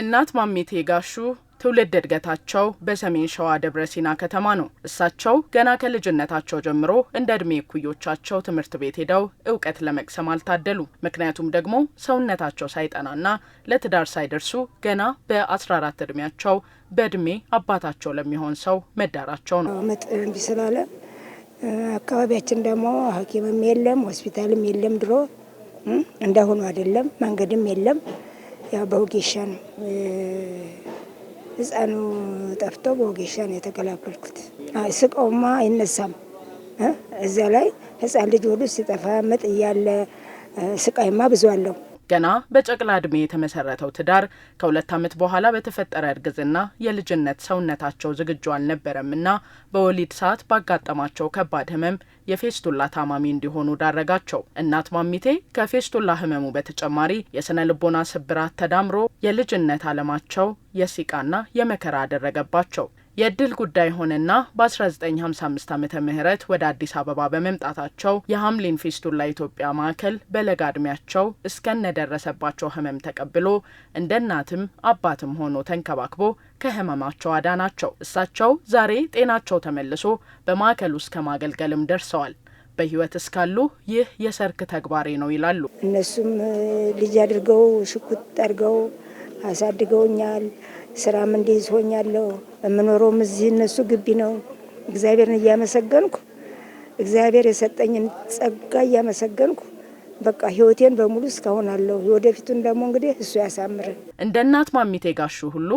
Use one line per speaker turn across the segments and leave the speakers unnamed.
እናት ማሜቴ ጋሹ ትውልድ እድገታቸው በሰሜን ሸዋ ደብረ ሲና ከተማ ነው። እሳቸው ገና ከልጅነታቸው ጀምሮ እንደ እድሜ እኩዮቻቸው ትምህርት ቤት ሄደው እውቀት ለመቅሰም አልታደሉም። ምክንያቱም ደግሞ ሰውነታቸው ሳይጠናና ለትዳር ሳይደርሱ ገና በ14 እድሜያቸው በእድሜ አባታቸው ለሚሆን ሰው መዳራቸው ነው።
ምጥ እምቢ ስላለ አካባቢያችን ደግሞ ሐኪምም የለም ሆስፒታልም የለም ድሮ እንደሆኑ አይደለም መንገድም የለም ያው በወጌሻ ነው ህፃኑ ጠፍቶ በወጌሻ ነው የተገላገልኩት። ስቃውማ አይነሳም። እዛ ላይ ህፃን ልጅ ወዱ ሲጠፋ ምጥ እያለ ስቃይማ ብዙ አለው።
ገና በጨቅላ ዕድሜ የተመሰረተው ትዳር ከሁለት ዓመት በኋላ በተፈጠረ እርግዝና የልጅነት ሰውነታቸው ዝግጁ እና በወሊድ ሰዓት ባጋጠማቸው ከባድ ህመም የፌስቱላ ታማሚ እንዲሆኑ ዳረጋቸው። እናት ማሚቴ ከፌስቱላ ህመሙ በተጨማሪ የስነ ልቦና ስብራት ተዳምሮ የልጅነት አለማቸው የሲቃና የመከራ አደረገባቸው። የእድል ጉዳይ ሆነና በ1955 ዓ ምህረት ወደ አዲስ አበባ በመምጣታቸው የሐምሊን ፊስቱላ ኢትዮጵያ ማዕከል በለጋ ዕድሜያቸው እስከነደረሰባቸው ህመም ተቀብሎ እንደ እናትም አባትም ሆኖ ተንከባክቦ ከህመማቸው አዳናቸው። እሳቸው ዛሬ ጤናቸው ተመልሶ በማዕከል ውስጥ ከማገልገልም ደርሰዋል። በህይወት እስካሉ ይህ የሰርክ ተግባሬ ነው ይላሉ።
እነሱም ልጅ አድርገው ሽኩት አድርገው አሳድገውኛል። ስራም እንዲህ ሆኛለሁ። የምኖረውም እዚህ እነሱ ግቢ ነው። እግዚአብሔርን እያመሰገንኩ እግዚአብሔር የሰጠኝን ጸጋ እያመሰገንኩ በቃ ህይወቴን በሙሉ እስካሁን አለሁ። የወደፊቱን ደግሞ እንግዲህ እሱ ያሳምርን።
እንደ እናት ማሚቴ ጋሹ ሁሉ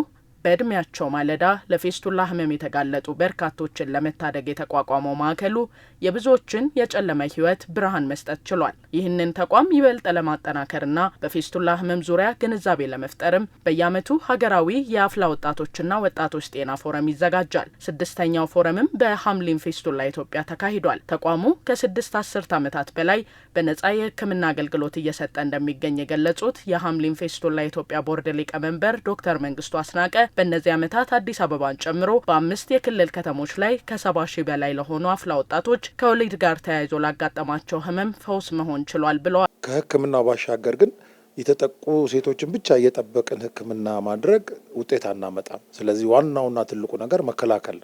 በዕድሜያቸው ማለዳ ለፌስቱላ ህመም የተጋለጡ በርካቶችን ለመታደግ የተቋቋመው ማዕከሉ የብዙዎችን የጨለመ ህይወት ብርሃን መስጠት ችሏል። ይህንን ተቋም ይበልጥ ለማጠናከርና በፌስቱላ ህመም ዙሪያ ግንዛቤ ለመፍጠርም በየዓመቱ ሀገራዊ የአፍላ ወጣቶችና ወጣቶች ጤና ፎረም ይዘጋጃል። ስድስተኛው ፎረምም በሀምሊን ፌስቱላ ኢትዮጵያ ተካሂዷል። ተቋሙ ከስድስት አስርት ዓመታት በላይ በነጻ የህክምና አገልግሎት እየሰጠ እንደሚገኝ የገለጹት የሀምሊን ፌስቱላ ኢትዮጵያ ቦርድ ሊቀመንበር ዶክተር መንግስቱ አስናቀ በእነዚህ ዓመታት አዲስ አበባን ጨምሮ በአምስት የክልል ከተሞች ላይ ከሰባ ሺህ በላይ ለሆኑ አፍላ ወጣቶች ከወሊድ ጋር ተያይዞ ላጋጠማቸው ህመም ፈውስ መሆን ችሏል ብለዋል።
ከህክምናው ባሻገር ግን የተጠቁ ሴቶችን ብቻ እየጠበቅን ህክምና ማድረግ ውጤት አናመጣም። ስለዚህ ዋናውና ትልቁ ነገር መከላከል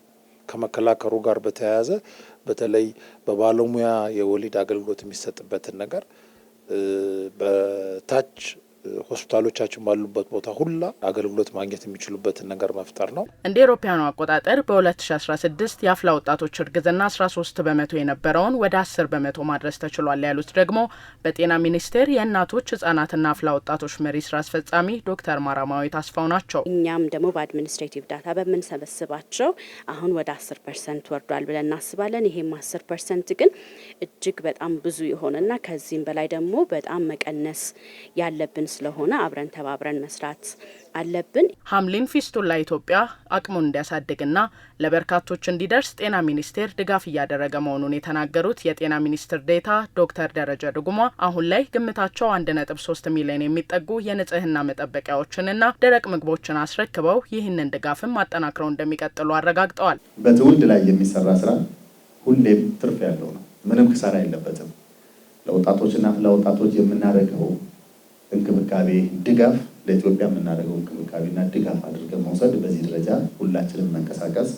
ከመከላከሩ ጋር በተያያዘ በተለይ በባለሙያ የወሊድ አገልግሎት የሚሰጥበትን ነገር በታች ሆስፒታሎቻችን ባሉበት ቦታ ሁላ አገልግሎት ማግኘት የሚችሉበትን ነገር መፍጠር ነው።
እንደ ኤሮፓያኑ አቆጣጠር በ2016 የአፍላ ወጣቶች እርግዝና 13 በመቶ የነበረውን ወደ 10 በመቶ ማድረስ ተችሏል ያሉት ደግሞ በጤና ሚኒስቴር የእናቶች ህጻናትና አፍላ ወጣቶች መሪ ስራ አስፈጻሚ ዶክተር ማራማዊ ታስፋው ናቸው።
እኛም ደግሞ በአድሚኒስትሬቲቭ ዳታ በምንሰበስባቸው አሁን ወደ 10 ፐርሰንት ወርዷል ብለን እናስባለን። ይሄም 10 ፐርሰንት ግን እጅግ በጣም ብዙ የሆነና ከዚህም በላይ ደግሞ በጣም መቀነስ ያለብን ስለሆነ አብረን ተባብረን መስራት አለብን።
ሀምሊን ፊስቱላ ኢትዮጵያ አቅሙን እንዲያሳድግና ለበርካቶች እንዲደርስ ጤና ሚኒስቴር ድጋፍ እያደረገ መሆኑን የተናገሩት የጤና ሚኒስትር ዴታ ዶክተር ደረጀ ድጉማ አሁን ላይ ግምታቸው አንድ ነጥብ ሶስት ሚሊዮን የሚጠጉ የንጽህና መጠበቂያዎችንና ደረቅ ምግቦችን አስረክበው ይህንን ድጋፍም አጠናክረው እንደሚቀጥሉ አረጋግጠዋል።
በትውልድ ላይ የሚሰራ ስራ ሁሌም ትርፍ ያለው ነው። ምንም ክሳራ የለበትም። ለወጣቶችና ለወጣቶች የምናደርገው እንክብካቤ ድጋፍ ለኢትዮጵያ የምናደርገው እንክብካቤና ድጋፍ አድርገን መውሰድ በዚህ ደረጃ ሁላችንም መንቀሳቀስ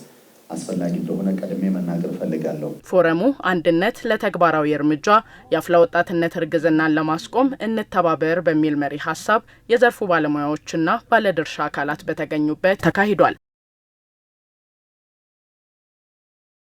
አስፈላጊ እንደሆነ ቀድሜ መናገር እፈልጋለሁ።
ፎረሙ አንድነት ለተግባራዊ እርምጃ የአፍላ ወጣትነት እርግዝናን ለማስቆም እንተባበር በሚል መሪ ሀሳብ የዘርፉ ባለሙያዎችና ባለድርሻ አካላት በተገኙበት ተካሂዷል።